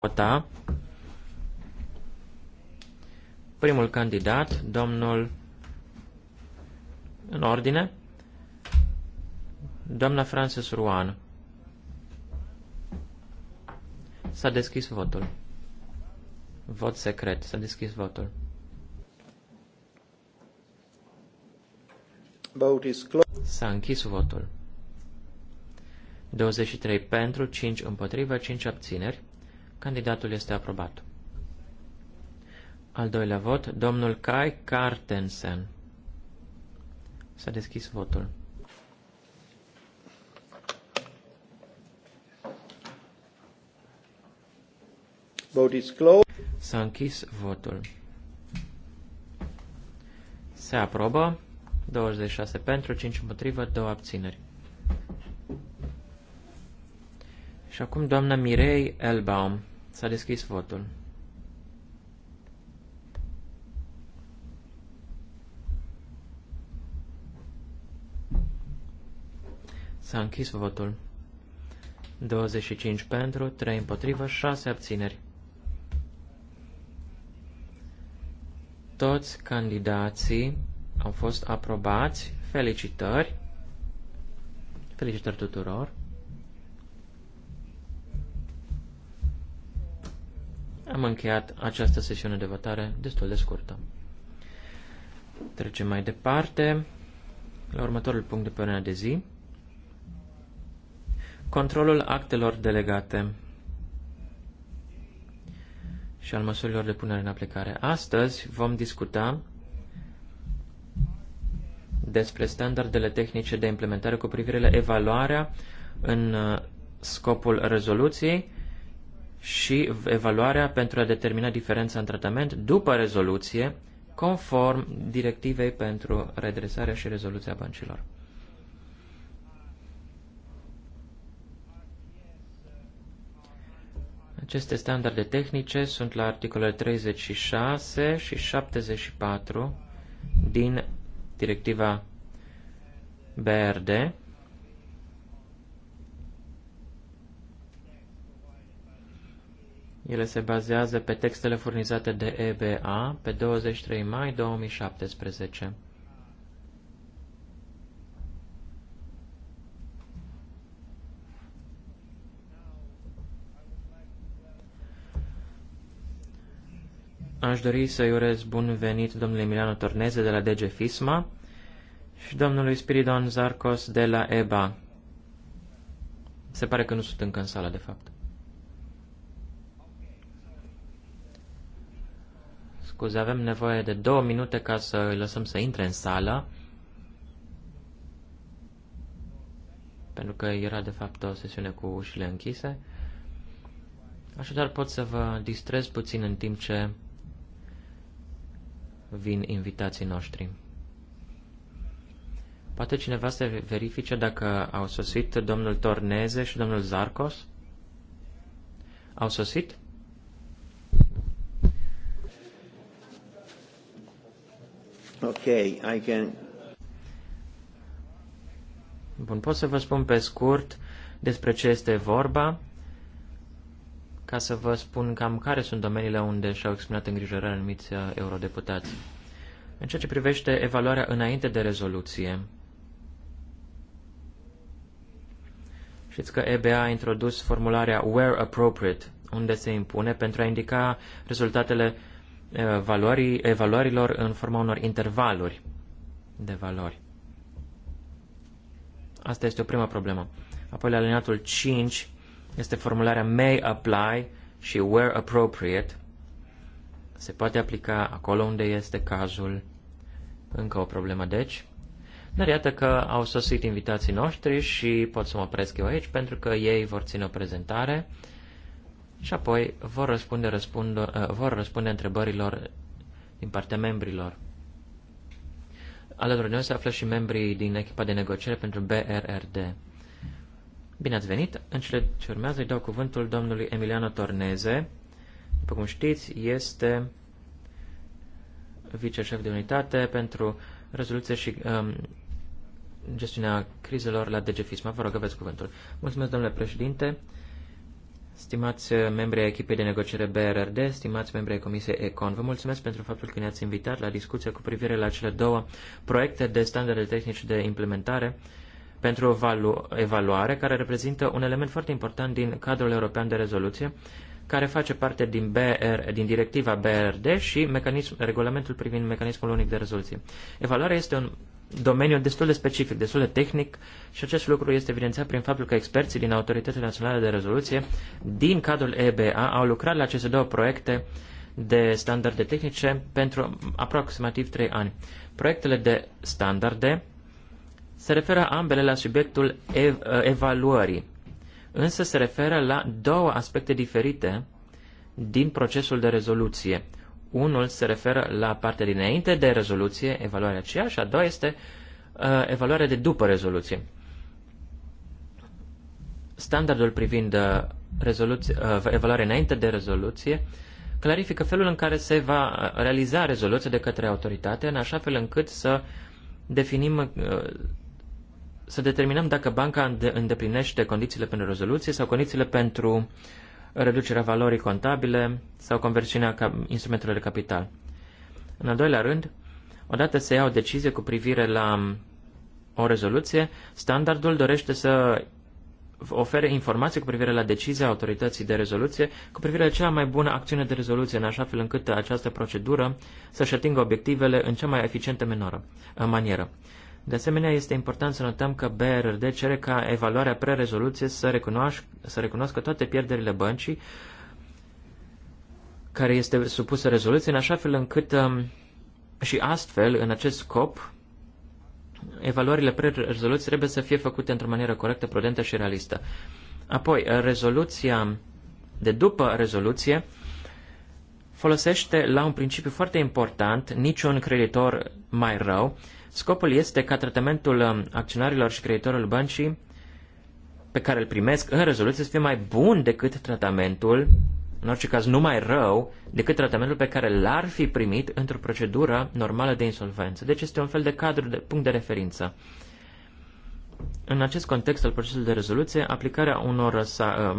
vota primul candidat, domnul în ordine, doamna Frances Ruan. S-a deschis votul. Vot secret. S-a deschis votul. S-a închis votul. 23 pentru, 5 împotriva, 5 abțineri. Candidatul este aprobat. Al doilea vot, domnul Kai Kartensen. S-a deschis votul. Vote is closed. S-a închis votul. Se aprobă. 26 pentru, 5 împotrivă, 2 abțineri. Și acum doamna Mirei Elbaum. S-a deschis votul. S-a închis votul. 25 pentru, 3 împotrivă, 6 abțineri. Toți candidații au fost aprobați. Felicitări! Felicitări tuturor! Am încheiat această sesiune de votare destul de scurtă. Trecem mai departe la următorul punct de pe ordinea de zi. Controlul actelor delegate și al măsurilor de punere în aplicare. Astăzi vom discuta despre standardele tehnice de implementare cu privire la evaluarea în uh, scopul rezoluției și evaluarea pentru a determina diferența în tratament după rezoluție, conform directivei pentru redresarea și rezoluția băncilor. Aceste standarde tehnice sunt la articolele 36 și 74 din directiva BRD Ele se bazează pe textele furnizate de EBA pe 23 mai 2017. Aș dori să-i urez bun venit domnului Emiliano Torneze de la DG Fisma și domnului Spiridon Zarcos de la EBA. Se pare că nu sunt încă în sală, de fapt. scuze, avem nevoie de două minute ca să îi lăsăm să intre în sală. Pentru că era de fapt o sesiune cu ușile închise. Așadar pot să vă distrez puțin în timp ce vin invitații noștri. Poate cineva să verifice dacă au sosit domnul Torneze și domnul Zarcos? Au sosit? I can... Bun, pot să vă spun pe scurt despre ce este vorba, ca să vă spun cam care sunt domeniile unde și-au exprimat îngrijorări anumiți uh, eurodeputați. În ceea ce privește evaluarea înainte de rezoluție, știți că EBA a introdus formularea where appropriate, unde se impune, pentru a indica rezultatele valorii, evaluărilor în forma unor intervaluri de valori. Asta este o prima problemă. Apoi, la alineatul 5, este formularea may apply și where appropriate. Se poate aplica acolo unde este cazul. Încă o problemă, deci. Dar iată că au sosit invitații noștri și pot să mă opresc eu aici pentru că ei vor ține o prezentare și apoi vor răspunde, răspund, uh, vor răspunde întrebărilor din partea membrilor. Alături de noi se află și membrii din echipa de negociere pentru BRRD. Bine ați venit! În cele ce urmează îi dau cuvântul domnului Emiliano Torneze. După cum știți, este viceșef de unitate pentru rezoluție și um, gestiunea crizelor la DGFISMA. Vă rog, aveți cuvântul. Mulțumesc, domnule președinte. Stimați membri ai echipei de negociere BRRD, stimați membri ai Comisiei ECON, vă mulțumesc pentru faptul că ne-ați invitat la discuția cu privire la cele două proiecte de standarde tehnice de implementare pentru evalu evaluare, care reprezintă un element foarte important din cadrul european de rezoluție, care face parte din, BR, din directiva BRD și mecanism, regulamentul privind mecanismul unic de rezoluție. Evaluarea este un domeniu destul de specific, destul de tehnic și acest lucru este evidențiat prin faptul că experții din Autoritatea Națională de Rezoluție, din cadrul EBA, au lucrat la aceste două proiecte de standarde tehnice pentru aproximativ 3 ani. Proiectele de standarde se referă ambele la subiectul ev- uh, evaluării, însă se referă la două aspecte diferite din procesul de rezoluție unul se referă la partea dinainte de rezoluție, evaluarea aceea, și a doua este uh, evaluarea de după rezoluție. Standardul privind uh, uh evaluarea înainte de rezoluție clarifică felul în care se va uh, realiza rezoluția de către autoritate, în așa fel încât să definim uh, să determinăm dacă banca îndeplinește condițiile pentru rezoluție sau condițiile pentru reducerea valorii contabile sau conversiunea instrumentelor de capital. În al doilea rând, odată se ia o decizie cu privire la um, o rezoluție, standardul dorește să ofere informații cu privire la decizia autorității de rezoluție cu privire la cea mai bună acțiune de rezoluție, în așa fel încât această procedură să-și atingă obiectivele în cea mai eficientă manieră. De asemenea, este important să notăm că BRRD cere ca evaluarea pre-rezoluție să, să recunoască toate pierderile băncii care este supusă rezoluție, în așa fel încât um, și astfel, în acest scop, evaluările pre-rezoluție trebuie să fie făcute într-o manieră corectă, prudentă și realistă. Apoi, rezoluția de după rezoluție folosește la un principiu foarte important, niciun creditor mai rău, Scopul este ca tratamentul um, acționarilor și creditorul băncii pe care îl primesc în rezoluție să fie mai bun decât tratamentul, în orice caz nu mai rău, decât tratamentul pe care l-ar fi primit într-o procedură normală de insolvență. Deci este un fel de cadru, de punct de referință. În acest context al procesului de rezoluție, aplicarea unor uh,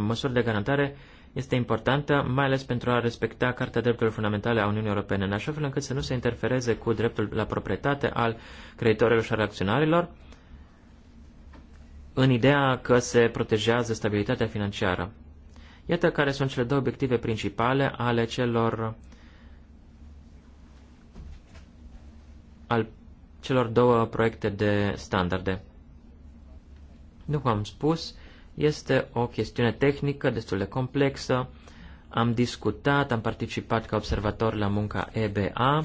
măsuri de garantare este importantă, mai ales pentru a respecta cartea Drepturilor Fundamentale a Uniunii Europene, în așa fel încât să nu se interfereze cu dreptul la proprietate al creditorilor și al acționarilor, în ideea că se protejează stabilitatea financiară. Iată care sunt cele două obiective principale ale celor al celor două proiecte de standarde. După am spus, este o chestiune tehnică destul de complexă. Am discutat, am participat ca observator la munca EBA.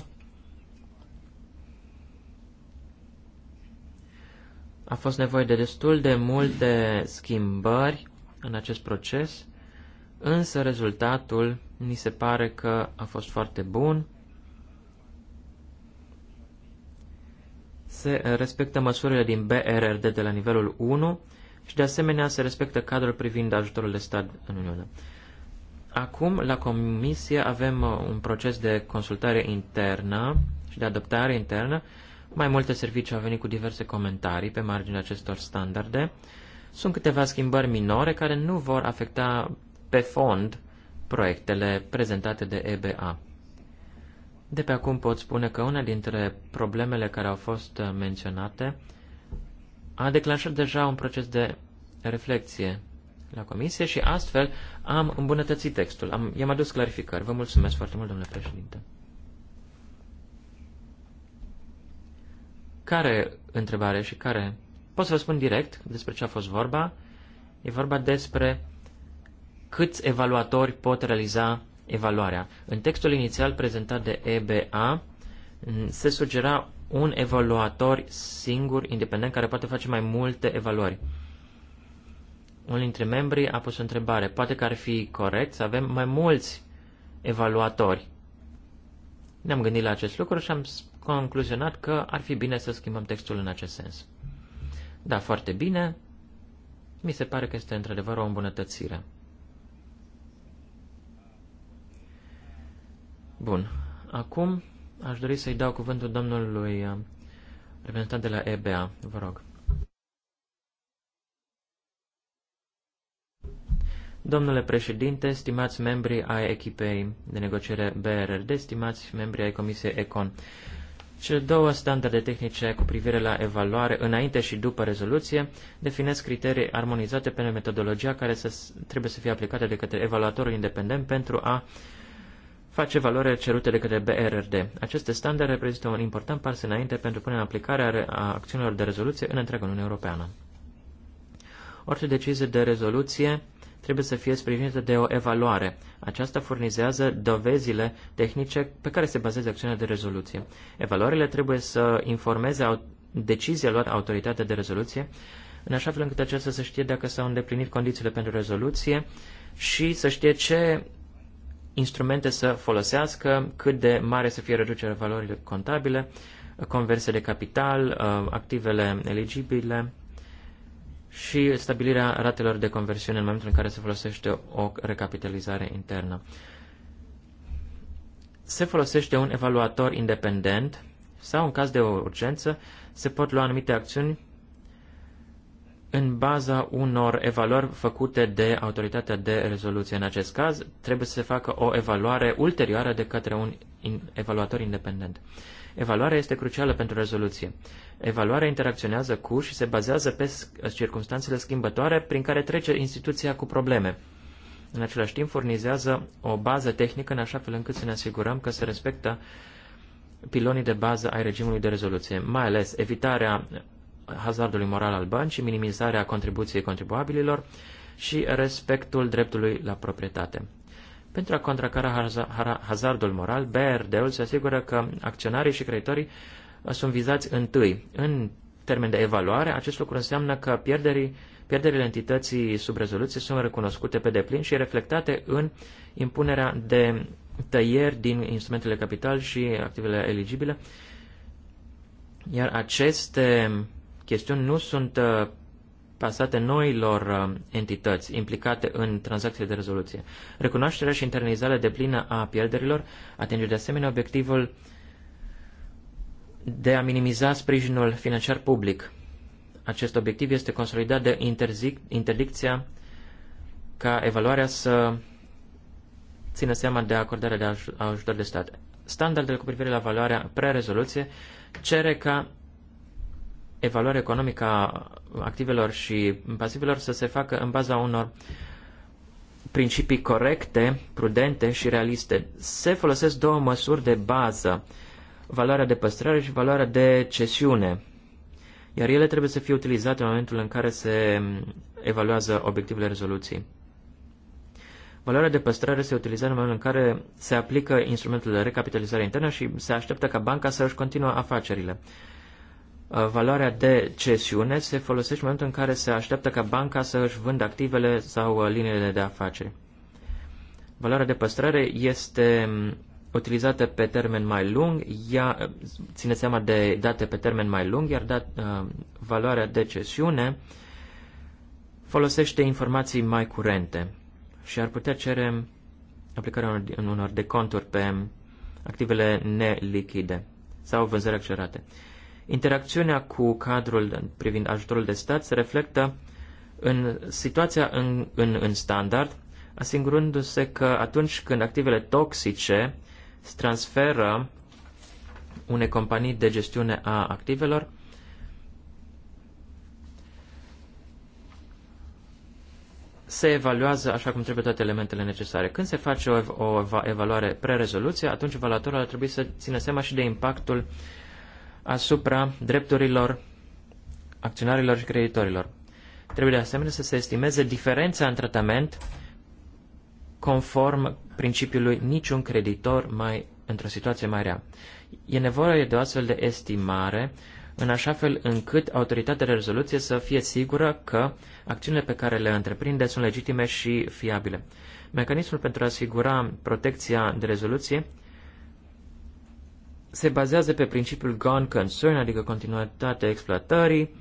A fost nevoie de destul de multe schimbări în acest proces, însă rezultatul mi se pare că a fost foarte bun. Se respectă măsurile din BRRD de la nivelul 1 și de asemenea se respectă cadrul privind ajutorul de stat în Uniune. Acum, la Comisie, avem uh, un proces de consultare internă și de adoptare internă. Mai multe servicii au venit cu diverse comentarii pe marginea acestor standarde. Sunt câteva schimbări minore care nu vor afecta pe fond proiectele prezentate de EBA. De pe acum pot spune că una dintre problemele care au fost uh, menționate a declanșat deja un proces de reflexie la comisie și astfel am îmbunătățit textul, am, i-am adus clarificări. Vă mulțumesc foarte mult, domnule președinte. Care întrebare și care? Pot să vă spun direct despre ce a fost vorba. E vorba despre câți evaluatori pot realiza evaluarea. În textul inițial prezentat de EBA se sugera un evaluator singur, independent, care poate face mai multe evaluări. Unul dintre membrii a pus o întrebare. Poate că ar fi corect să avem mai mulți evaluatori. Ne-am gândit la acest lucru și am concluzionat că ar fi bine să schimbăm textul în acest sens. Da, foarte bine. Mi se pare că este într-adevăr o îmbunătățire. Bun. Acum Aș dori să-i dau cuvântul domnului uh, reprezentant de la EBA. Vă rog. Domnule președinte, stimați membri ai echipei de negociere BRRD, stimați membri ai Comisiei ECON, cele două standarde tehnice cu privire la evaluare înainte și după rezoluție definesc criterii armonizate pentru metodologia care să, trebuie să fie aplicată de către evaluatorul independent pentru a uh, face valoarea cerută de către BRRD. Aceste standarde reprezintă un important pas înainte pentru punerea în aplicare a acțiunilor de rezoluție în întreaga Uniune Europeană. Orice decizie de rezoluție trebuie să fie sprijinită de o evaluare. Aceasta furnizează dovezile tehnice pe care se bazează acțiunea de rezoluție. Evaluările trebuie să informeze decizia luată autoritatea de rezoluție, în așa fel încât aceasta să știe dacă s-au îndeplinit condițiile pentru rezoluție și să știe ce instrumente să folosească, cât de mare să fie reducerea valorilor contabile, conversie de capital, uh, activele eligibile și stabilirea ratelor de conversiune în momentul în care se folosește o recapitalizare internă. Se folosește un evaluator independent sau, în caz de urgență, se pot lua anumite acțiuni în baza unor evaluări făcute de autoritatea de rezoluție. În acest caz, trebuie să se facă o evaluare ulterioară de către un evaluator independent. Evaluarea este crucială pentru rezoluție. Evaluarea interacționează cu și se bazează pe circunstanțele schimbătoare prin care trece instituția cu probleme. În același timp, furnizează o bază tehnică în așa fel încât să ne asigurăm că se respectă pilonii de bază ai regimului de rezoluție, mai ales evitarea hazardului moral al băncii, minimizarea contribuției contribuabililor și respectul dreptului la proprietate. Pentru a contracara hazardul moral, BRD-ul se asigură că acționarii și creditorii uh, sunt vizați întâi. În termen de evaluare, acest lucru înseamnă că pierderii, pierderile entității sub rezoluție sunt recunoscute pe deplin și reflectate în impunerea de tăieri din instrumentele capital și activele eligibile, iar aceste chestiuni nu sunt uh, pasate noilor uh, entități implicate în tranzacții de rezoluție. Recunoașterea și internizarea de plină a pierderilor atinge de asemenea obiectivul de a minimiza sprijinul financiar public. Acest obiectiv este consolidat de interzic, interdicția ca evaluarea să țină seama de acordarea de ajutor de stat. Standardele cu privire la valoarea pre-rezoluție cere ca evaluarea economică a activelor și pasivelor să se facă în baza unor principii corecte, prudente și realiste. Se folosesc două măsuri de bază, valoarea de păstrare și valoarea de cesiune, iar ele trebuie să fie utilizate în momentul în care se evaluează obiectivele rezoluției. Valoarea de păstrare se utilizează în momentul în care se aplică instrumentul de recapitalizare internă și se așteaptă ca banca să își continuă afacerile valoarea de cesiune se folosește în momentul în care se așteaptă ca banca să își vândă activele sau uh, liniile de afaceri. Valoarea de păstrare este mm, utilizată pe termen mai lung, ea uh, ține seama de date pe termen mai lung, iar dat, uh, valoarea de cesiune folosește informații mai curente și ar putea cere aplicarea unor, unor deconturi pe activele nelichide sau vânzări accelerate. Interacțiunea cu cadrul privind ajutorul de stat se reflectă în situația în, în, în standard, asigurându-se că atunci când activele toxice se transferă unei companii de gestiune a activelor, se evaluează așa cum trebuie toate elementele necesare. Când se face o, o evaluare pre-rezoluție, atunci evaluatorul ar trebui să țină seama și de impactul asupra drepturilor acționarilor și creditorilor. Trebuie de asemenea să se estimeze diferența în tratament conform principiului niciun creditor mai într-o situație mai rea. E nevoie de o astfel de estimare în așa fel încât autoritatea de rezoluție să fie sigură că acțiunile pe care le întreprinde sunt legitime și fiabile. Mecanismul pentru a asigura protecția de rezoluție se bazează pe principiul gone concern, adică continuitatea exploatării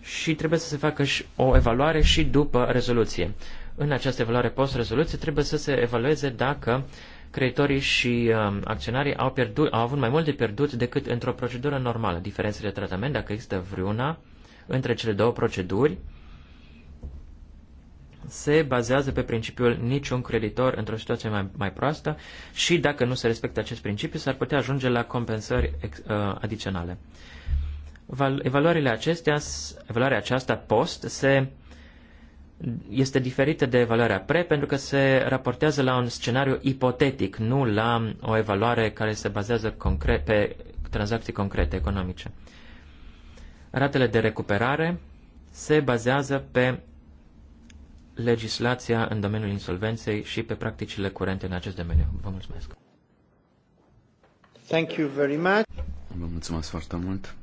și trebuie să se facă și o evaluare și după rezoluție. În această evaluare post-rezoluție trebuie să se evalueze dacă creatorii și um, acționarii au, pierdut, au avut mai mult de pierdut decât într-o procedură normală. Diferențele de tratament, dacă există vreuna între cele două proceduri, se bazează pe principiul niciun creditor într-o situație mai, mai proastă și dacă nu se respectă acest principiu, s-ar putea ajunge la compensări ex, uh, adiționale. Val, evaluările acestea, evaluarea aceasta post se este diferită de evaluarea pre pentru că se raportează la un scenariu ipotetic, nu la o evaluare care se bazează concret, pe tranzacții concrete economice. Ratele de recuperare se bazează pe legislația în domeniul insolvenței și pe practicile curente în acest domeniu. Vă mulțumesc! Thank you very much. Vă mulțumesc foarte mult.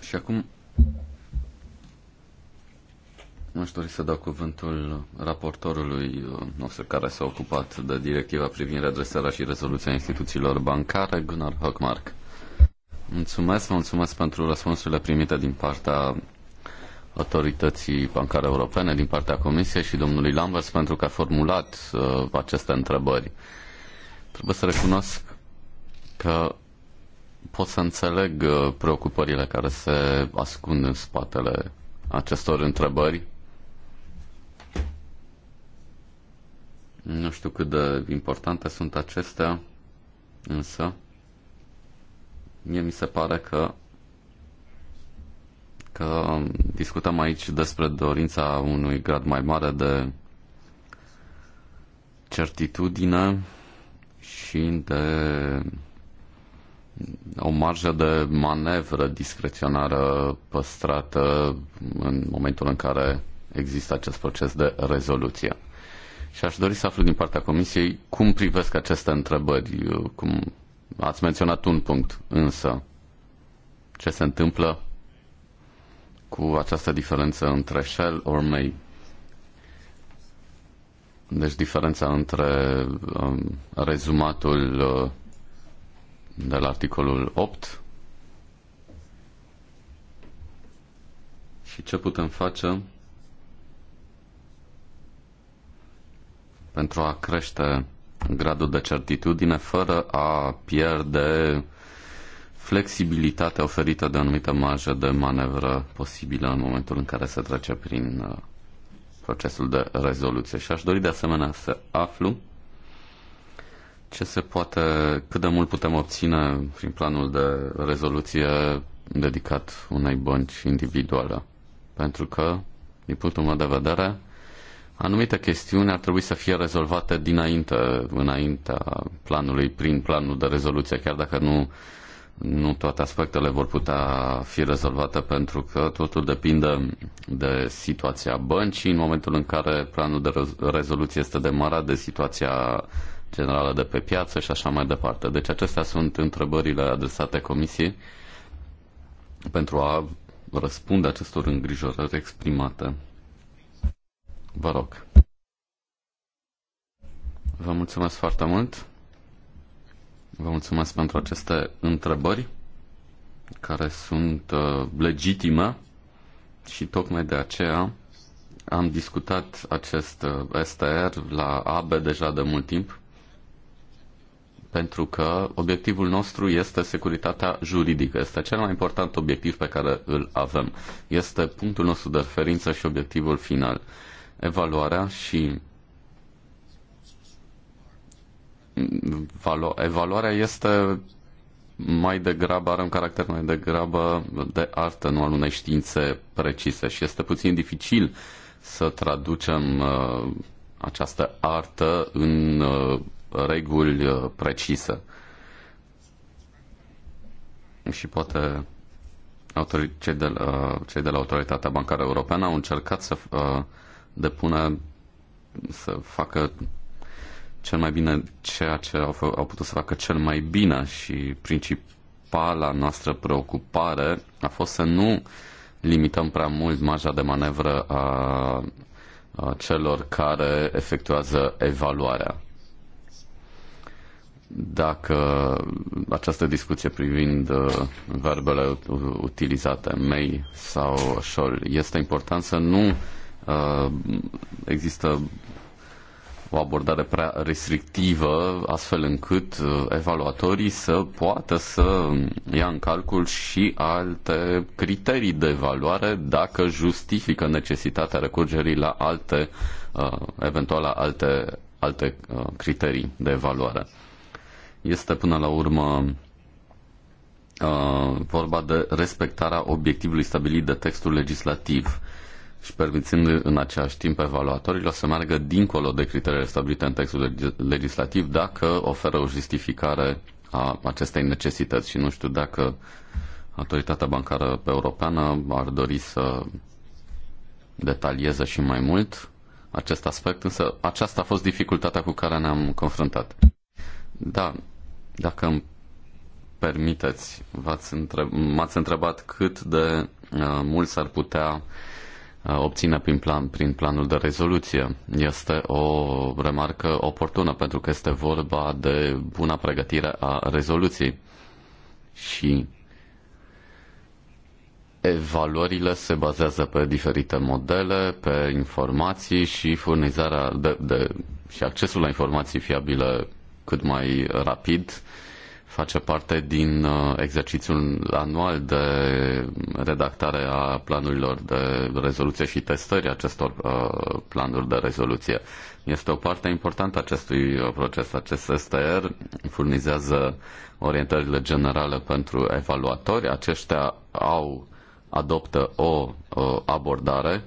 Și acum aș dori să dau cuvântul raportorului uh, nostru care s-a ocupat de directiva privind redresarea și rezoluția instituțiilor bancare, Gunnar Hockmark. Mulțumesc, mulțumesc pentru răspunsurile primite din partea autorității bancare europene din partea Comisiei și domnului Lambers pentru că a formulat uh, aceste întrebări. Trebuie să recunosc că pot să înțeleg uh, preocupările care se ascund în spatele acestor întrebări. Nu știu cât de importante sunt acestea, însă mie mi se pare că că um, discutăm aici despre dorința unui grad mai mare de certitudine și de o marjă de manevră discreționară păstrată în momentul în care există acest proces de rezoluție. Și aș dori să aflu din partea Comisiei cum privesc aceste întrebări, cum ați menționat un punct, însă ce se întâmplă cu această diferență între shall or may. Deci diferența între um, rezumatul uh, de la articolul 8 și ce putem face pentru a crește gradul de certitudine fără a pierde flexibilitatea oferită de anumită marjă de manevră posibilă în momentul în care se trece prin uh, procesul de rezoluție. Și aș dori de asemenea să aflu ce se poate, cât de mult putem obține prin planul de rezoluție dedicat unei bănci individuale. Pentru că, din punctul meu de vedere, anumite chestiuni ar trebui să fie rezolvate dinainte, înaintea planului, prin planul de rezoluție, chiar dacă nu nu toate aspectele vor putea fi rezolvate pentru că totul depinde de situația băncii în momentul în care planul de rezoluție este demarat de situația generală de pe piață și așa mai departe. Deci acestea sunt întrebările adresate Comisiei pentru a răspunde acestor îngrijorări exprimate. Vă rog. Vă mulțumesc foarte mult. Vă mulțumesc pentru aceste întrebări care sunt uh, legitime și tocmai de aceea am discutat acest uh, STR la AB deja de mult timp pentru că obiectivul nostru este securitatea juridică. Este cel mai important obiectiv pe care îl avem. Este punctul nostru de referință și obiectivul final. Evaluarea și evaluarea este mai degrabă, are un caracter mai degrabă de artă, nu al unei științe precise și este puțin dificil să traducem uh, această artă în uh, reguli uh, precise. Și poate cei de, la, cei de la Autoritatea Bancară Europeană au încercat să uh, depună, să facă cel mai bine ceea ce au, au putut să facă cel mai bine și principala noastră preocupare a fost să nu limităm prea mult marja de manevră a, a celor care efectuează evaluarea dacă această discuție privind uh, verbele utilizate, mei sau șol, este important să nu uh, există o abordare prea restrictivă, astfel încât uh, evaluatorii să poată să ia în calcul și alte criterii de evaluare dacă justifică necesitatea recurgerii la alte, uh, eventual la alte, alte uh, criterii de evaluare. Este până la urmă vorba de respectarea obiectivului stabilit de textul legislativ și permițând în același timp evaluatorilor să meargă dincolo de criteriile stabilite în textul legislativ dacă oferă o justificare a acestei necesități și nu știu dacă Autoritatea Bancară Europeană ar dori să detalieze și mai mult acest aspect, însă aceasta a fost dificultatea cu care ne-am confruntat. Da, dacă îmi permiteți, v-ați întreb- m-ați întrebat cât de uh, mult s-ar putea uh, Uh, obține prin, plan, prin planul de rezoluție. Este o remarcă oportună pentru că este vorba de buna pregătire a rezoluției și evaluările se bazează pe diferite modele, pe informații și furnizarea de, de, și accesul la informații fiabile cât mai rapid face parte din uh, exercițiul anual de redactare a planurilor de rezoluție și testări acestor uh, planuri de rezoluție. Este o parte importantă acestui uh, proces. Acest STR furnizează orientările generale pentru evaluatori. Aceștia au adoptă o, o abordare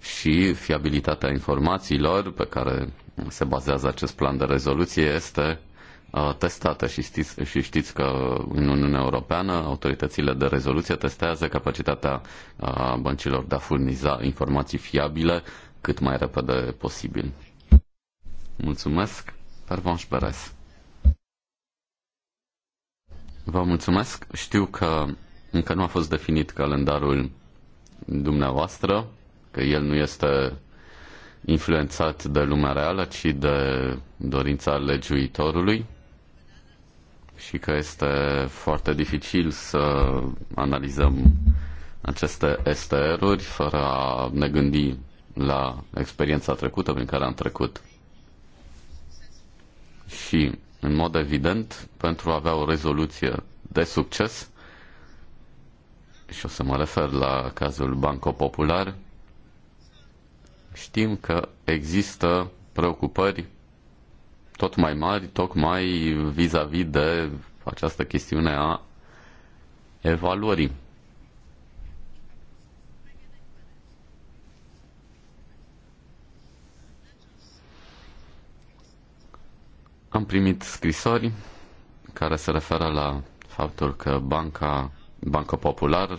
și fiabilitatea informațiilor pe care se bazează acest plan de rezoluție este Uh, testată și știți, și știți că în Uniunea Europeană autoritățile de rezoluție testează capacitatea uh, băncilor de a furniza informații fiabile cât mai repede posibil. Mulțumesc, Pervanș Beres. Vă mulțumesc. Știu că încă nu a fost definit calendarul dumneavoastră, că el nu este influențat de lumea reală, ci de dorința legiuitorului și că este foarte dificil să analizăm aceste STR-uri fără a ne gândi la experiența trecută prin care am trecut. Și, în mod evident, pentru a avea o rezoluție de succes, și o să mă refer la cazul Banco Popular, știm că există preocupări tot mai mari, tocmai vis-a-vis -vis de această chestiune a evaluării. Am primit scrisori care se referă la faptul că banca, Banca Popular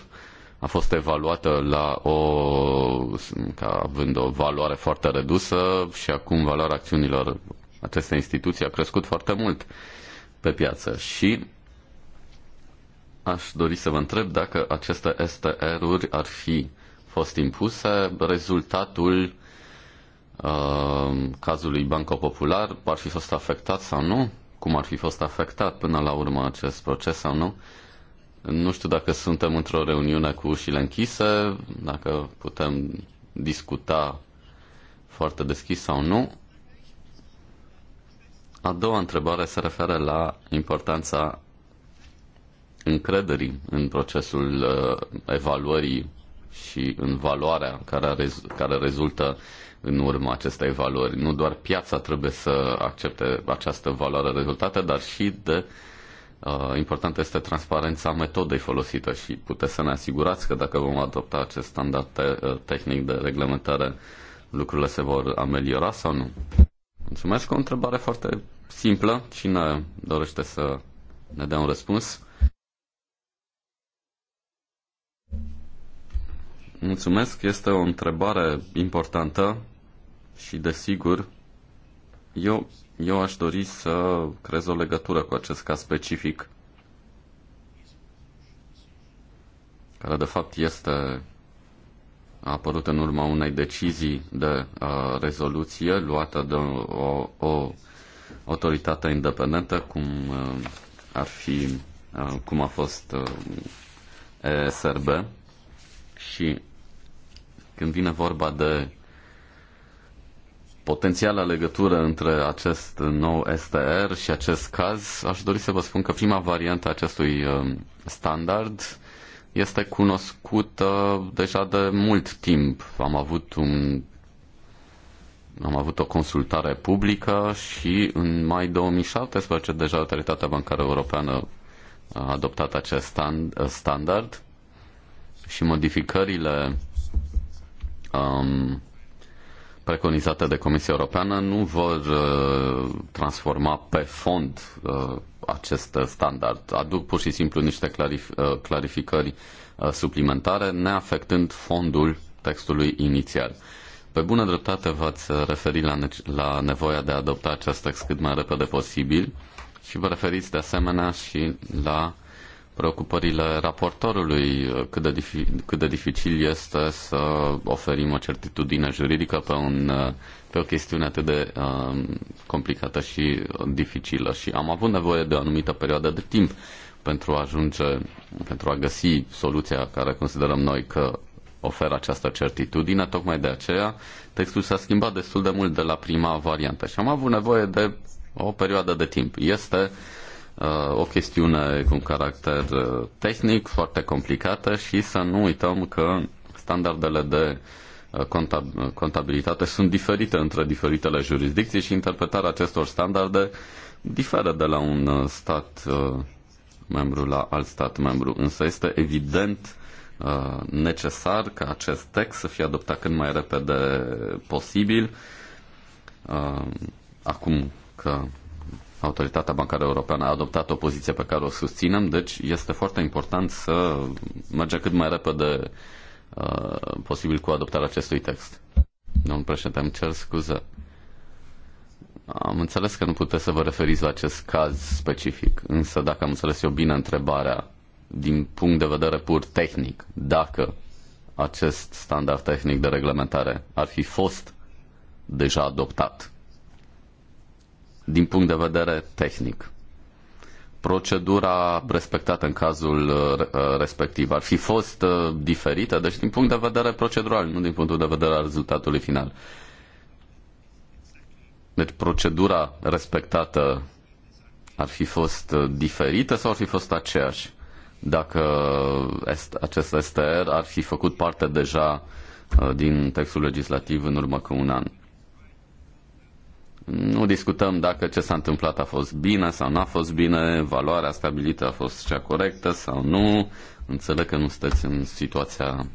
a fost evaluată la o, ca având o valoare foarte redusă și acum valoarea acțiunilor aceste instituții a crescut foarte mult pe piață și aș dori să vă întreb dacă aceste STR-uri ar fi fost impuse, rezultatul uh, cazului Banco Popular ar fi fost afectat sau nu? Cum ar fi fost afectat până la urmă acest proces sau nu? Nu știu dacă suntem într-o reuniune cu ușile închise, dacă putem discuta foarte deschis sau nu. A doua întrebare se referă la importanța încrederii în procesul uh, evaluării și în valoarea care, rez- care rezultă în urma acestei valori. Nu doar piața trebuie să accepte această valoare rezultată, dar și de uh, importantă este transparența metodei folosită și puteți să ne asigurați că dacă vom adopta acest standard te- uh, tehnic de reglementare, lucrurile se vor ameliora sau nu? Mulțumesc, o întrebare foarte simplă. Cine dorește să ne dea un răspuns? Mulțumesc. Este o întrebare importantă și, desigur, eu, eu aș dori să creez o legătură cu acest caz specific, care, de fapt, este a apărut în urma unei decizii de a, rezoluție luată de o, o autoritatea independentă, cum uh, ar fi, uh, cum a fost uh, ESRB. Și când vine vorba de potențiala legătură între acest nou STR și acest caz, aș dori să vă spun că prima variantă a acestui standard este cunoscută deja de mult timp. Am avut un am avut o consultare publică și în mai 2017 deja Autoritatea Bancară Europeană a adoptat acest standard și modificările um, preconizate de Comisia Europeană nu vor uh, transforma pe fond uh, acest standard. Aduc pur și simplu niște clarif- uh, clarificări uh, suplimentare, neafectând fondul textului inițial. Uh, pe bună dreptate v-ați referit la, ne- la nevoia de a adopta acest text cât mai repede posibil și vă referiți de asemenea și la preocupările raportorului, cât de, difi- cât de dificil este să oferim o certitudine juridică pe, un, pe o chestiune atât de uh, complicată și dificilă. Și am avut nevoie de o anumită perioadă de timp pentru a ajunge, pentru a găsi soluția care considerăm noi că oferă această certitudine. Tocmai de aceea textul s-a schimbat destul de mult de la prima variantă și am avut nevoie de o perioadă de timp. Este uh, o chestiune cu un caracter uh, tehnic, foarte complicată și să nu uităm că standardele de uh, contabilitate sunt diferite între diferitele jurisdicții și interpretarea acestor standarde diferă de la un stat membru la alt stat membru. Însă este evident Uh, necesar ca acest text să fie adoptat cât mai repede posibil. Uh, acum că Autoritatea Bancară Europeană a adoptat o poziție pe care o susținem, deci este foarte important să mergem cât mai repede uh, posibil cu adoptarea acestui text. Domnul președinte, îmi cer scuze. Am înțeles că nu puteți să vă referiți la acest caz specific, însă dacă am înțeles eu bine întrebarea, din punct de vedere pur tehnic, dacă acest standard tehnic de reglementare ar fi fost deja adoptat. Din punct de vedere tehnic, procedura respectată în cazul uh, uh, respectiv ar fi fost uh, diferită, deci din punct de vedere procedural, nu din punctul de vedere al rezultatului final. Deci procedura respectată ar fi fost diferită sau ar fi fost aceeași? dacă acest STR ar fi făcut parte deja uh, din textul legislativ în urmă cu un an. Nu discutăm dacă ce s-a întâmplat a fost bine sau nu a fost bine, valoarea stabilită a fost cea corectă sau nu. Înțeleg că nu sunteți în situația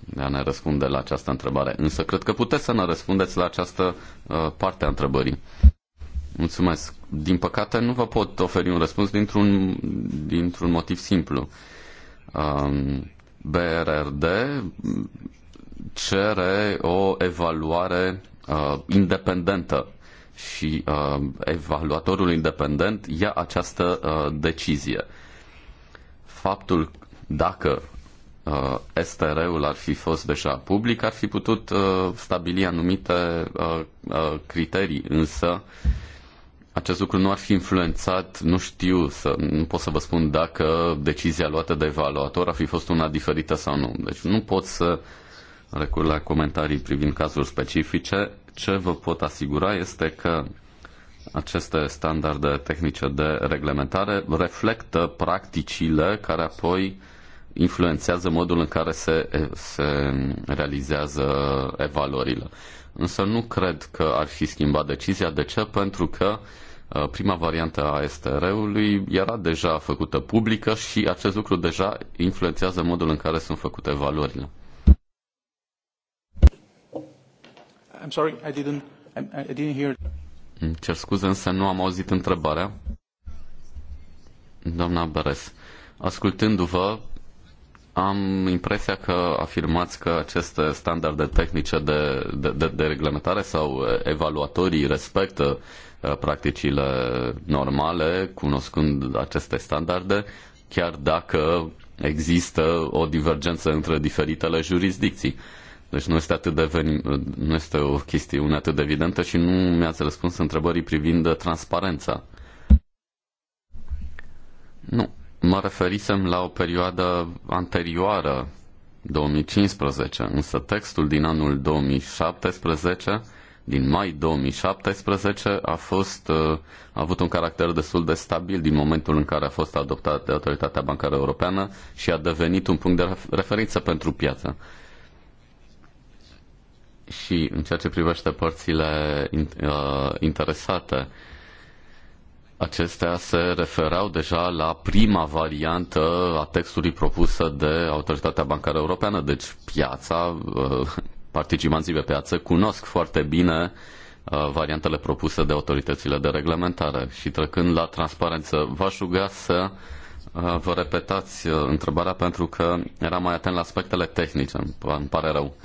de a ne răspunde la această întrebare, însă cred că puteți să ne răspundeți la această uh, parte a întrebării. Mulțumesc. Din păcate nu vă pot oferi un răspuns dintr-un, dintr-un motiv simplu. Um, BRRD cere o evaluare uh, independentă și uh, evaluatorul independent ia această uh, decizie. Faptul dacă uh, STR-ul ar fi fost deja public, ar fi putut uh, stabili anumite uh, uh, criterii, însă uh, acest lucru nu ar fi influențat, nu știu, să, nu pot să vă spun dacă decizia luată de evaluator ar fi fost una diferită sau nu. Deci nu pot să recur la comentarii privind cazuri specifice. Ce vă pot asigura este că aceste standarde tehnice de reglementare reflectă practicile care apoi influențează modul în care se, se realizează evaluările. Însă nu cred că ar fi schimbat decizia. De ce? Pentru că uh, Uh, prima variantă a STR-ului era deja făcută publică și acest lucru deja influențează modul în care sunt făcute valorile. I'm sorry, I didn't, I, didn't hear. cer scuze, însă nu am auzit întrebarea. Doamna Beres, ascultându-vă, am impresia că afirmați că aceste standarde tehnice de, de, de, de reglementare sau evaluatorii respectă uh, Uh, practicile normale, cunoscând aceste standarde, chiar dacă există o divergență între diferitele jurisdicții. Deci nu este, atât de veni- nu este o chestiune atât de evidentă și nu mi-ați răspuns întrebării privind transparența. Nu. Mă referisem la o perioadă anterioară, 2015, însă textul din anul 2017 din mai 2017 a fost uh, a avut un caracter destul de stabil din momentul în care a fost adoptat de Autoritatea Bancară Europeană și a devenit un punct de referință pentru piață. Și în ceea ce privește părțile uh, interesate, Acestea se referau deja la prima variantă a textului propusă de Autoritatea Bancară Europeană, deci piața, uh, participanții pe piață cunosc foarte bine uh, variantele propuse de autoritățile de reglementare. Și trecând la transparență, v-aș ruga să uh, vă repetați uh, întrebarea pentru că era mai atent la aspectele tehnice, îmi pare rău.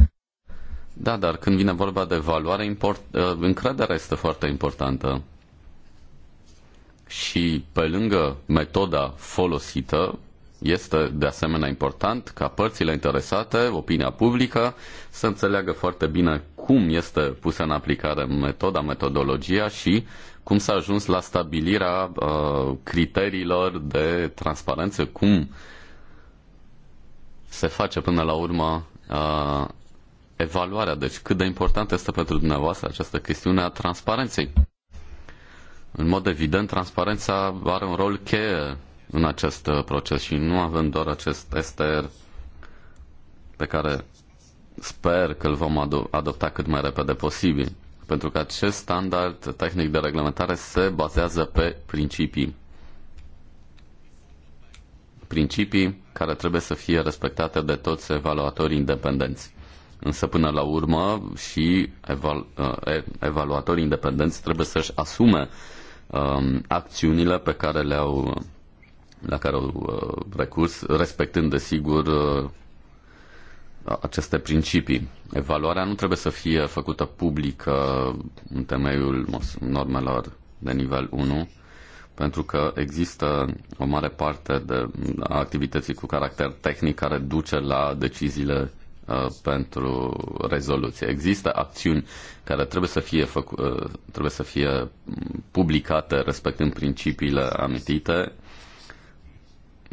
Da, dar când vine vorba de valoare, import, încrederea este foarte importantă. Și pe lângă metoda folosită, este de asemenea important ca părțile interesate, opinia publică, să înțeleagă foarte bine cum este pusă în aplicare metoda, metodologia și cum s-a ajuns la stabilirea uh, criteriilor de transparență, cum se face până la urmă uh, evaluarea. Deci cât de importantă este pentru dumneavoastră această chestiune a transparenței. În mod evident, transparența are un rol cheie în acest uh, proces și nu avem doar acest STR pe care sper că îl vom ado- adopta cât mai repede posibil, pentru că acest standard tehnic de reglementare se bazează pe principii. Principii care trebuie să fie respectate de toți evaluatorii independenți. Însă, până la urmă, și evalu- uh, evaluatorii independenți trebuie să-și asume um, acțiunile pe care le-au la care au uh, recurs, respectând, desigur, uh, aceste principii. Evaluarea nu trebuie să fie făcută publică în temeiul normelor de nivel 1, pentru că există o mare parte de activității cu caracter tehnic care duce la deciziile uh, pentru rezoluție. Există acțiuni care trebuie să fie, făcu- uh, trebuie să fie publicate respectând principiile amintite,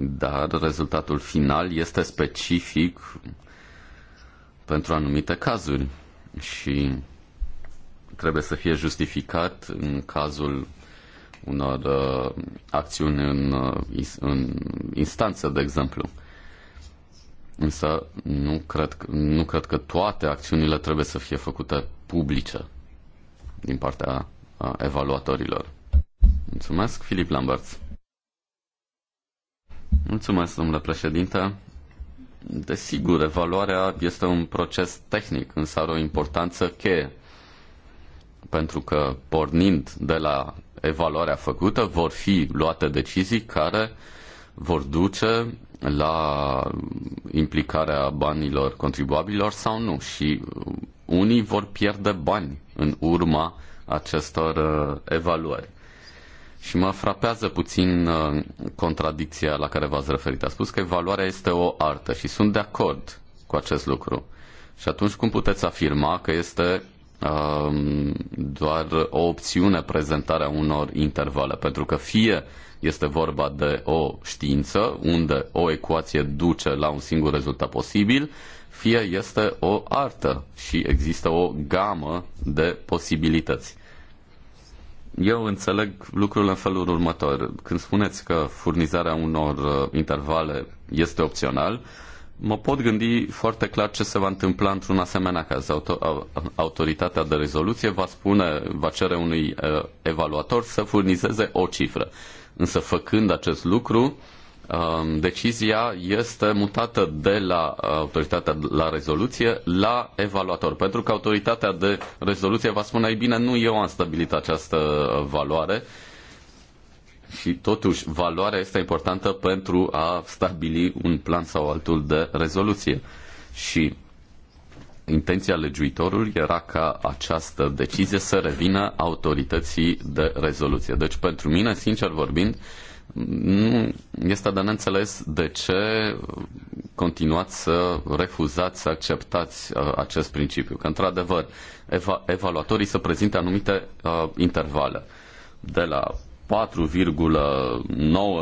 dar rezultatul final este specific pentru anumite cazuri și trebuie să fie justificat în cazul unor uh, acțiuni în, uh, în instanță, de exemplu. Însă nu cred, nu cred că toate acțiunile trebuie să fie făcute publice din partea uh, evaluatorilor. Mulțumesc, Filip Lamberts. Mulțumesc, domnule președinte. Desigur, evaluarea este un proces tehnic, însă are o importanță cheie, pentru că pornind de la evaluarea făcută vor fi luate decizii care vor duce la implicarea banilor contribuabililor sau nu și unii vor pierde bani în urma acestor uh, evaluări. Și mă frapează puțin uh, contradicția la care v-ați referit. A spus că evaluarea este o artă și sunt de acord cu acest lucru. Și atunci cum puteți afirma că este um, doar o opțiune prezentarea unor intervale? Pentru că fie este vorba de o știință unde o ecuație duce la un singur rezultat posibil, fie este o artă și există o gamă de posibilități. Eu înțeleg lucrul în felul următor. Când spuneți că furnizarea unor uh, intervale este opțional, mă pot gândi foarte clar ce se va întâmpla într-un asemenea caz. autoritatea de rezoluție va spune, va cere unui uh, evaluator să furnizeze o cifră. Însă făcând acest lucru, Um, decizia este mutată de la uh, autoritatea la rezoluție la evaluator, pentru că autoritatea de rezoluție va spune, ei bine, nu eu am stabilit această uh, valoare și totuși valoarea este importantă pentru a stabili un plan sau altul de rezoluție. Și intenția legiuitorului era ca această decizie să revină autorității de rezoluție. Deci pentru mine, sincer vorbind, uh, nu este de neînțeles de ce continuați să refuzați să acceptați uh, acest principiu. Că, într-adevăr, eva- evaluatorii să prezinte anumite uh, intervale de la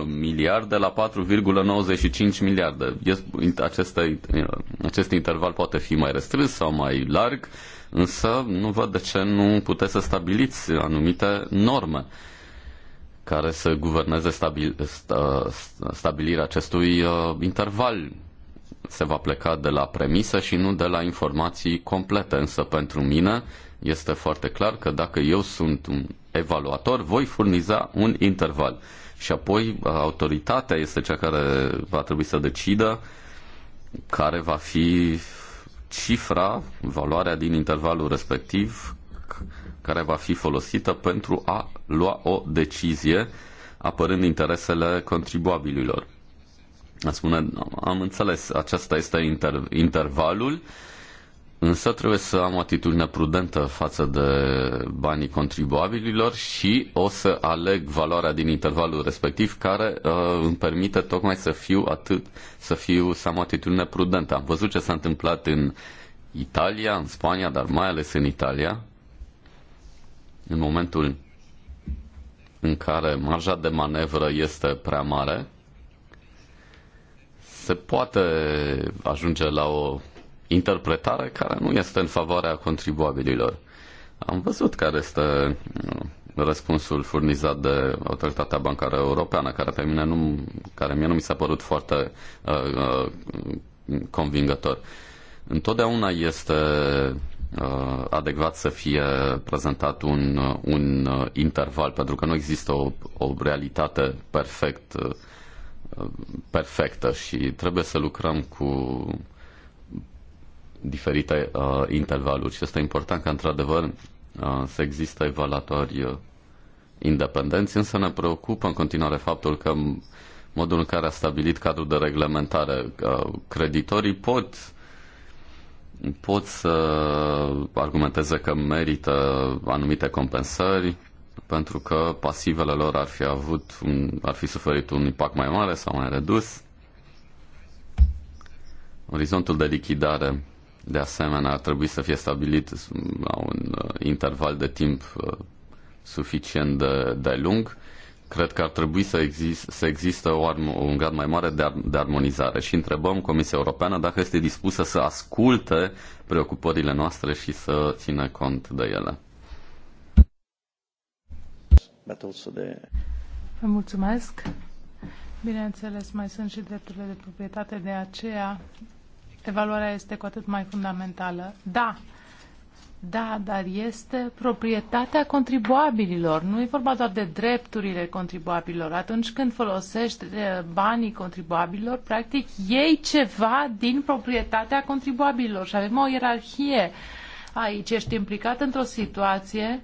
4,9 miliarde la 4,95 miliarde. Aceste, uh, acest interval poate fi mai restrâns sau mai larg, însă nu văd de ce nu puteți să stabiliți anumite norme. Uh, care să guverneze stabil, sta, stabilirea acestui uh, interval. Se va pleca de la premisă și nu de la informații complete, însă pentru mine este foarte clar că dacă eu sunt un evaluator, voi furniza un interval. Și apoi uh, autoritatea este cea care va trebui să decidă care va fi cifra, valoarea din intervalul respectiv care va fi folosită pentru a lua o decizie apărând interesele contribuabililor. Spune, am înțeles, acesta este inter, intervalul, însă trebuie să am o atitudine prudentă față de banii contribuabililor și o să aleg valoarea din intervalul respectiv care uh, îmi permite tocmai să fiu atât, să fiu, să am o atitudine prudentă. Am văzut ce s-a întâmplat în Italia, în Spania, dar mai ales în Italia, în momentul în care marja de manevră este prea mare, se poate ajunge la o interpretare care nu este în favoarea contribuabililor. Am văzut care este uh, răspunsul furnizat de Autoritatea Bancară Europeană, care pe mine nu, care mie nu mi s-a părut foarte uh, uh, convingător. Întotdeauna este Uh, adecvat să fie prezentat un, uh, un uh, interval, pentru că nu există o, o realitate perfect, perfectă și trebuie să lucrăm cu diferite uh, intervaluri și este important că într-adevăr uh, să există evaluatori independenți, însă ne preocupă în continuare faptul că modul în care a stabilit cadrul de reglementare, uh, creditorii pot pot să argumenteze că merită anumite compensări pentru că pasivele lor ar fi avut, ar fi suferit un impact mai mare sau mai redus. Orizontul de lichidare de asemenea ar trebui să fie stabilit la un uh, interval de timp uh, suficient de, de lung cred că ar trebui să, exist, să există o, un grad mai mare de, ar, de armonizare și întrebăm Comisia Europeană dacă este dispusă să asculte preocupările noastre și să țină cont de ele. Vă mulțumesc. Bineînțeles, mai sunt și drepturile de proprietate, de aceea evaluarea este cu atât mai fundamentală. Da, da, dar este proprietatea contribuabililor. Nu e vorba doar de drepturile contribuabililor. Atunci când folosești eh, banii contribuabililor, practic iei ceva din proprietatea contribuabililor și avem o ierarhie aici. Ești implicat într-o situație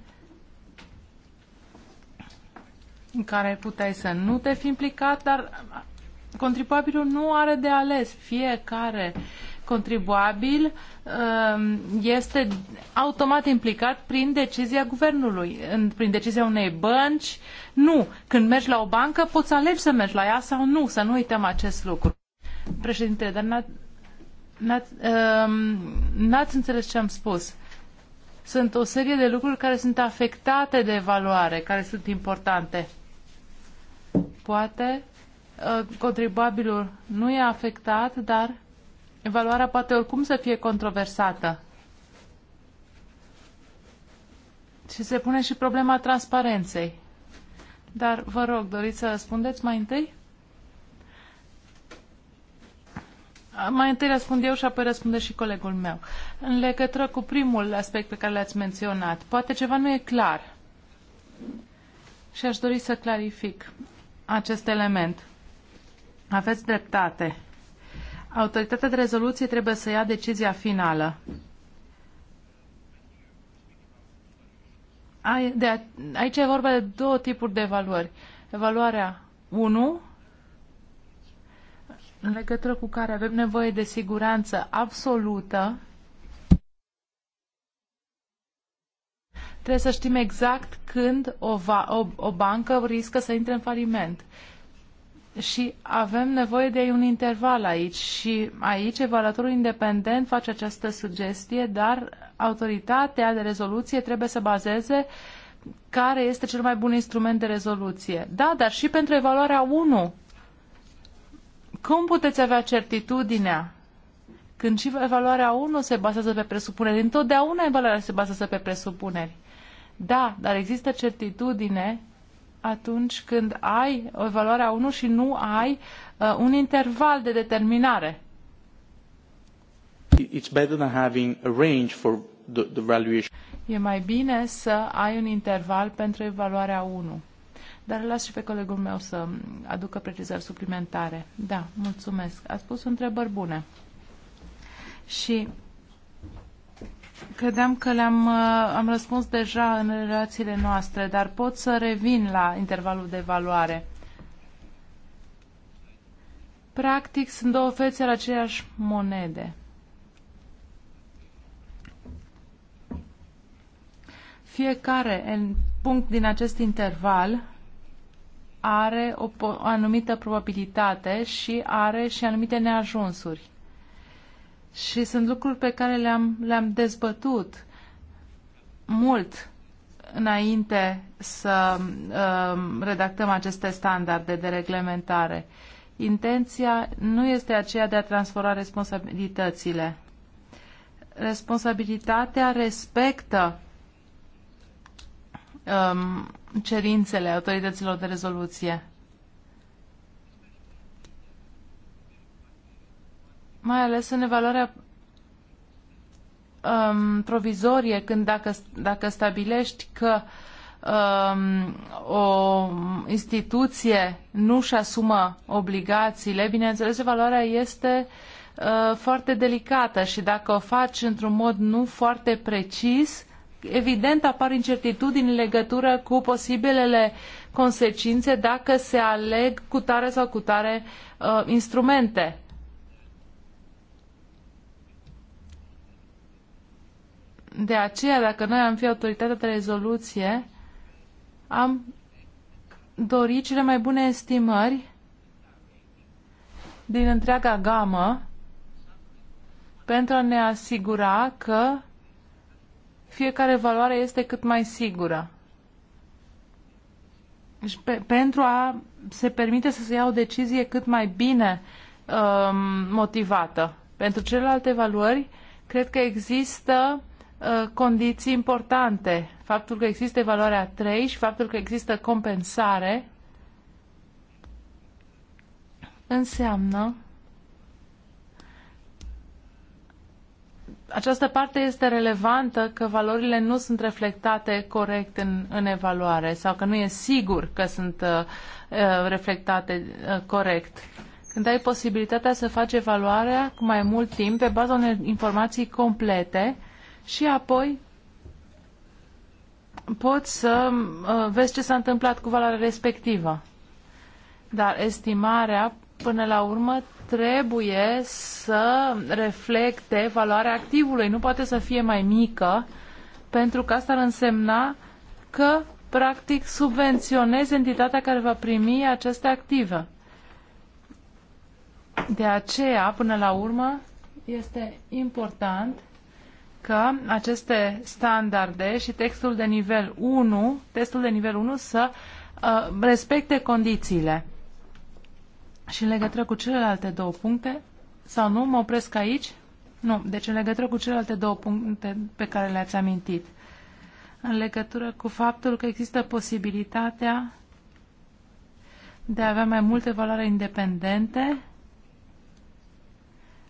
în care puteai să nu te fi implicat, dar contribuabilul nu are de ales. Fiecare uh, contribuabil um, este automat implicat prin decizia guvernului, prin decizia unei bănci. Nu. Când mergi la o bancă, poți alegi să mergi la ea sau nu, să nu uităm acest lucru. Președinte, dar um, n-ați înțeles ce am spus. Sunt o serie de lucruri care sunt afectate de evaluare, care sunt importante. Poate uh, contribuabilul nu e afectat, dar Evaluarea poate oricum să fie controversată. Și se pune și problema transparenței. Dar vă rog, doriți să răspundeți mai întâi? Mai întâi răspund eu și apoi răspunde și colegul meu. În legătură cu primul aspect pe care l-ați menționat, poate ceva nu e clar. Și aș dori să clarific acest element. Aveți dreptate. Autoritatea de rezoluție trebuie să ia decizia finală. Aici e vorba de două tipuri de evaluări. Evaluarea 1, în legătură cu care avem nevoie de siguranță absolută, trebuie să știm exact când o, va, o, o bancă riscă să intre în faliment și avem nevoie de un interval aici și aici evaluatorul independent face această sugestie, dar autoritatea de rezoluție trebuie să bazeze care este cel mai bun instrument de rezoluție. Da, dar și pentru evaluarea 1. Cum puteți avea certitudinea când și evaluarea 1 se bazează pe presupuneri? Întotdeauna evaluarea se bazează pe presupuneri. Da, dar există certitudine atunci când ai o valoare a 1 și nu ai uh, un interval de determinare. It's better than having a range for the, the valuation. E mai bine să ai un interval pentru evaluarea 1. Dar las și pe colegul meu să aducă precizări suplimentare. Da, mulțumesc. A spus întrebări bune. Și Credeam că le-am uh, am răspuns deja în relațiile noastre, dar pot să revin la intervalul de evaluare. Practic, sunt două fețe la aceeași monede. Fiecare în punct din acest interval are o anumită probabilitate și are și anumite neajunsuri. Și sunt lucruri pe care le-am, le dezbătut mult înainte să uh, redactăm aceste standarde de reglementare. Intenția nu este aceea de a transfera responsabilitățile. Responsabilitatea respectă um, cerințele autorităților de rezoluție. mai ales în evaluarea um, provizorie, când dacă, dacă stabilești că um, o instituție nu își asumă obligațiile, bineînțeles, evaluarea este uh, foarte delicată și dacă o faci într-un mod nu foarte precis, evident apar incertitudini în legătură cu posibilele consecințe dacă se aleg cu tare sau cu tare uh, instrumente De aceea, dacă noi am fi autoritatea de rezoluție, am dorit cele mai bune estimări din întreaga gamă pentru a ne asigura că fiecare valoare este cât mai sigură. Și pe, pentru a se permite să se ia o decizie cât mai bine um, motivată. Pentru celelalte valori, cred că există uh, Uh, condiții importante. Faptul că există evaluarea 3 și faptul că există compensare înseamnă această parte este relevantă că valorile nu sunt reflectate corect în, în evaluare sau că nu e sigur că sunt uh, uh reflectate uh, corect. Când ai posibilitatea să faci evaluarea cu mai mult timp pe baza unei informații complete, uh, și apoi poți să uh, vezi ce s-a întâmplat cu valoarea respectivă. Dar estimarea, până la urmă, trebuie să reflecte valoarea activului. Nu poate să fie mai mică, pentru că asta ar însemna că, practic, subvenționezi entitatea care va primi aceste active. De aceea, până la urmă, este important că aceste standarde și textul de nivel 1, testul de nivel 1 să uh, respecte condițiile. Și în legătură cu celelalte două puncte, sau nu, mă opresc aici? Nu, deci în legătură cu celelalte două puncte pe care le-ați amintit. În legătură cu faptul că există posibilitatea de a avea mai multe valoare independente,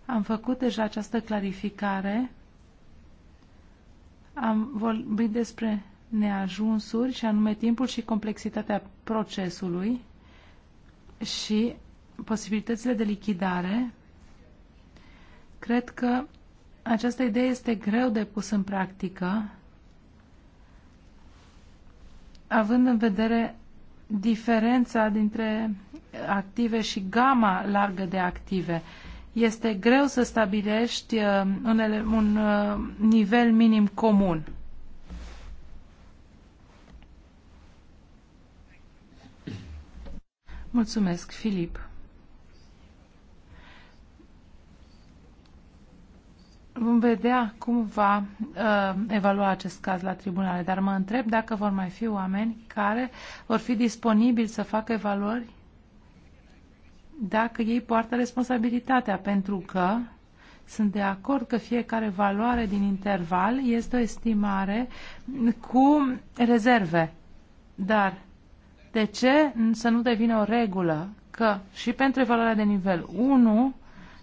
am făcut deja această clarificare am vorbit despre neajunsuri și anume timpul și complexitatea procesului și posibilitățile de lichidare. Cred că această idee este greu de pus în practică, având în vedere diferența dintre active și gama largă de active este greu să stabilești uh, un, un uh, nivel minim comun. Mulțumesc, Filip. Vom vedea cum va uh, evalua acest caz la tribunale, dar mă întreb dacă vor mai fi oameni care vor fi disponibili să facă evaluări dacă ei poartă responsabilitatea, pentru că sunt de acord că fiecare valoare din interval este o estimare cu rezerve. Dar de ce să nu devină o regulă că și pentru valoarea de nivel 1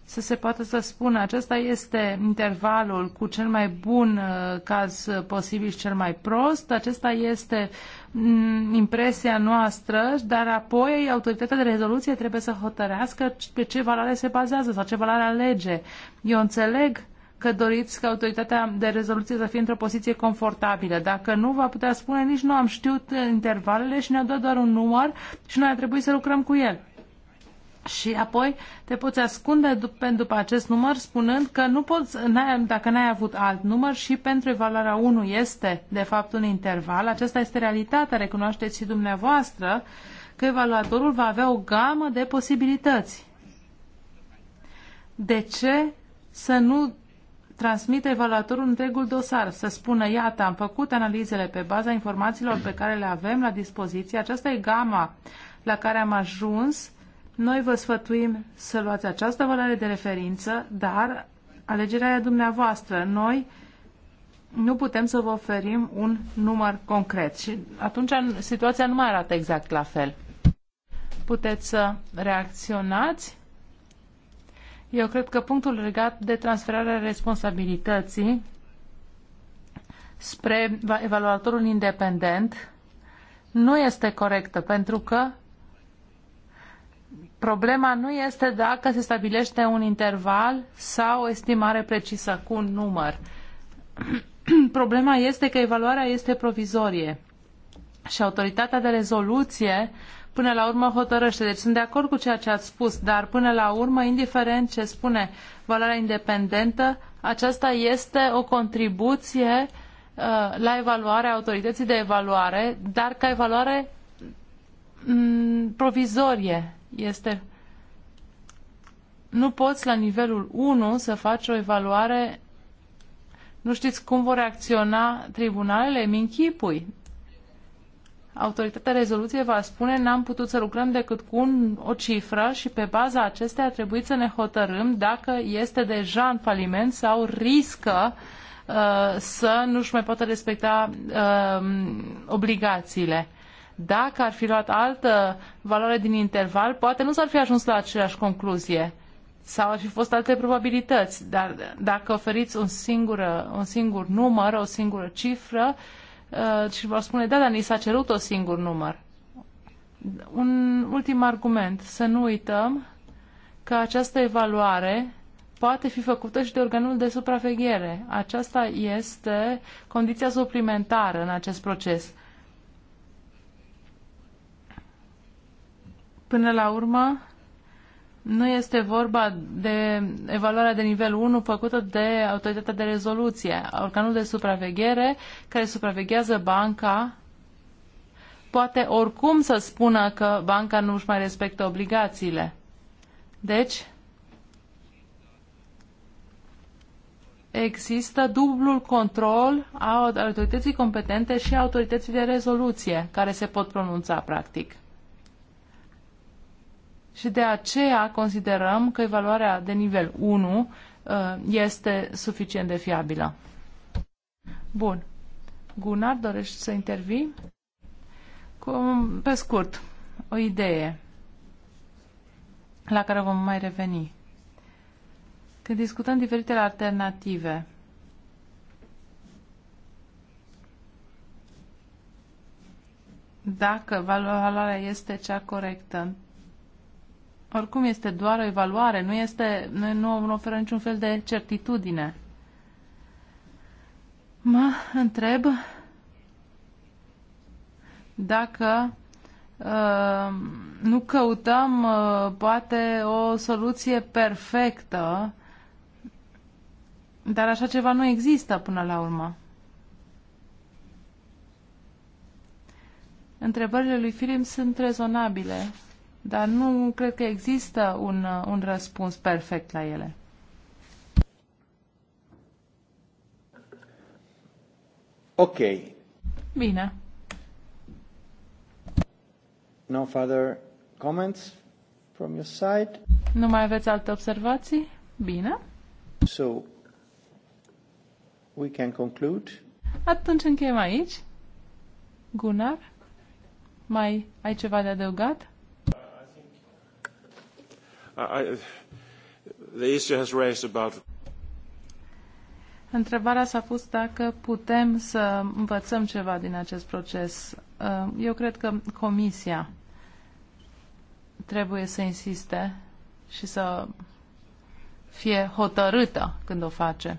să se poată să spună acesta este intervalul cu cel mai bun uh, caz uh, posibil și cel mai prost, acesta este mm, impresia noastră, dar apoi autoritatea de rezoluție trebuie să hotărească pe ce valoare se bazează sau ce valoare alege. Eu înțeleg că doriți ca autoritatea de rezoluție să fie într-o poziție confortabilă. Dacă nu, va putea spune nici nu am știut intervalele și ne-a dat doar un număr și noi a trebuit să lucrăm cu el și apoi te poți ascunde dup- după acest număr spunând că nu poți, n-ai, dacă n-ai avut alt număr și pentru evaluarea 1 este de fapt un interval. Aceasta este realitatea, recunoașteți și dumneavoastră că evaluatorul va avea o gamă de posibilități. De ce să nu transmite evaluatorul întregul dosar, să spună, iată, am făcut analizele pe baza informațiilor pe care le avem la dispoziție, aceasta e gama la care am ajuns noi vă sfătuim să luați această valoare de referință, dar alegerea e dumneavoastră. Noi nu putem să vă oferim un număr concret și atunci situația nu mai arată exact la fel. Puteți să reacționați? Eu cred că punctul legat de transferarea responsabilității spre evaluatorul independent nu este corectă, pentru că Problema nu este dacă se stabilește un interval sau o estimare precisă cu un număr. Problema este că evaluarea este provizorie și autoritatea de rezoluție până la urmă hotărăște. Deci sunt de acord cu ceea ce ați spus, dar până la urmă, indiferent ce spune valoarea independentă, aceasta este o contribuție uh, la evaluarea autorității de evaluare, dar ca evaluare mm, provizorie este nu poți la nivelul 1 să faci o evaluare nu știți cum vor reacționa tribunalele? Mi închipui. Autoritatea rezoluției va spune n-am putut să lucrăm decât cu un, o cifră și pe baza acesteia trebuie să ne hotărâm dacă este deja în faliment sau riscă uh, să nu-și mai poată respecta uh, obligațiile. Dacă ar fi luat altă valoare din interval, poate nu s-ar fi ajuns la aceeași concluzie sau ar fi fost alte probabilități, dar dacă oferiți un singur, un singur număr, o singură cifră uh, și vă spune, da, dar ni s-a cerut un singur număr. Un ultim argument, să nu uităm că această evaluare poate fi făcută și de organul de supraveghere. Aceasta este condiția suplimentară în acest proces. Până la urmă, nu este vorba de evaluarea de nivel 1 făcută de autoritatea de rezoluție. Organul de supraveghere care supraveghează banca poate oricum să spună că banca nu își mai respectă obligațiile. Deci, există dublul control a autorității competente și a autorității de rezoluție care se pot pronunța practic și de aceea considerăm că evaluarea de nivel 1 uh, este suficient de fiabilă. Bun. Gunnar, dorești să intervii? pe scurt, o idee la care vom mai reveni. Când discutăm diferitele alternative, dacă valoarea este cea corectă, oricum este doar o evaluare, nu, este, nu, nu oferă niciun fel de certitudine. Mă întreb dacă uh, nu căutăm uh, poate o soluție perfectă, dar așa ceva nu există până la urmă. Întrebările lui Filim sunt rezonabile dar nu cred că există un, uh, un răspuns perfect la ele. Ok. Bine. No further comments from your side? Nu mai aveți alte observații? Bine. So, we can conclude. Atunci încheiem aici. Gunnar, mai ai ceva de adăugat? I, the issue has raised about Întrebarea s-a pus dacă putem să învățăm ceva din acest proces. Uh, eu cred că Comisia trebuie să insiste și să fie hotărâtă când o face.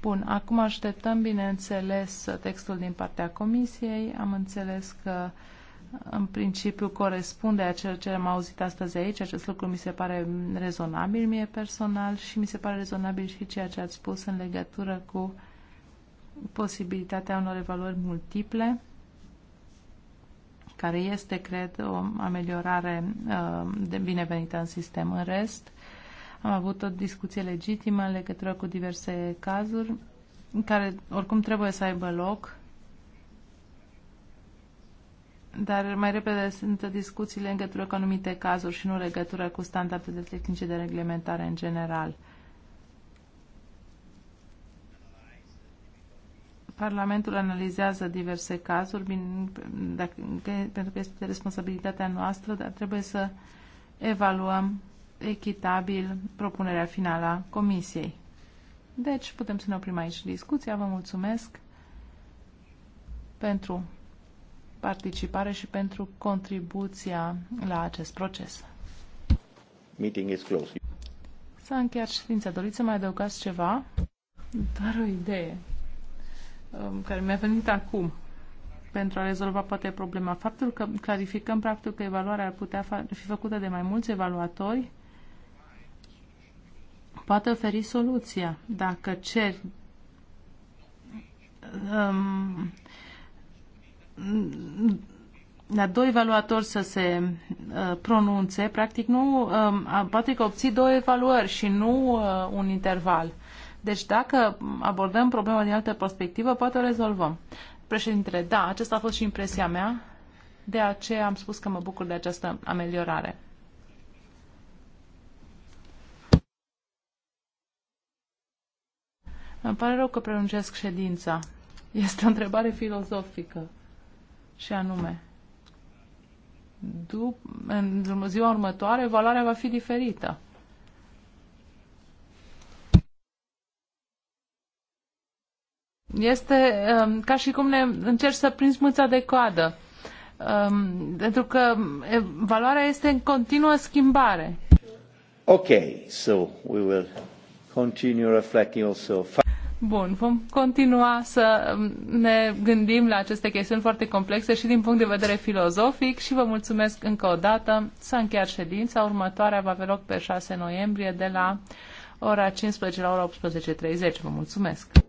Bun, acum așteptăm, bineînțeles, textul din partea Comisiei. Am înțeles că uh, în principiu corespunde a ceea ce am auzit astăzi aici. Acest lucru mi se pare rezonabil mie personal și mi se pare rezonabil și ceea ce ați spus în legătură cu posibilitatea unor evaluări multiple, care este, cred, o ameliorare uh, de binevenită în sistem. În rest, am avut o discuție legitimă în legătură cu diverse cazuri, care oricum trebuie să aibă loc dar mai repede sunt discuțiile în cu anumite cazuri și nu în legătură cu standardele tehnice de reglementare în general. Parlamentul analizează diverse cazuri, bine, dacă, pentru că este responsabilitatea noastră, dar trebuie să evaluăm echitabil propunerea finală a Comisiei. Deci, putem să ne oprim aici discuția. Vă mulțumesc pentru participare și pentru contribuția la acest proces. Meeting is closed. S-a încheiat ședința. Doriți să mai adăugați ceva? Doar o idee um, care mi-a venit acum pentru a rezolva poate problema. Faptul că clarificăm practic că evaluarea ar putea fi făcută de mai mulți evaluatori poate oferi soluția. Dacă ceri um, la doi evaluatori să se uh, pronunțe, practic nu, uh, um, practic obții două evaluări și nu uh, un interval. Deci dacă abordăm problema din altă perspectivă, poate o rezolvăm. Președintele, da, acesta a fost și impresia mea, de aceea am spus că mă bucur de această ameliorare. Îmi pare rău că prelungesc ședința. Este o întrebare filozofică. Și anume, dup- în ziua următoare, valoarea va fi diferită. Este um, ca și cum ne încerci să prinzi mâța de coadă. Um, pentru că valoarea este în continuă schimbare. Ok, so we will continue reflecting also. Bun, vom continua să ne gândim la aceste chestiuni foarte complexe și din punct de vedere filozofic și vă mulțumesc încă o dată. S-a încheiat ședința, următoarea va avea loc pe 6 noiembrie de la ora 15 la ora 18.30. Vă mulțumesc!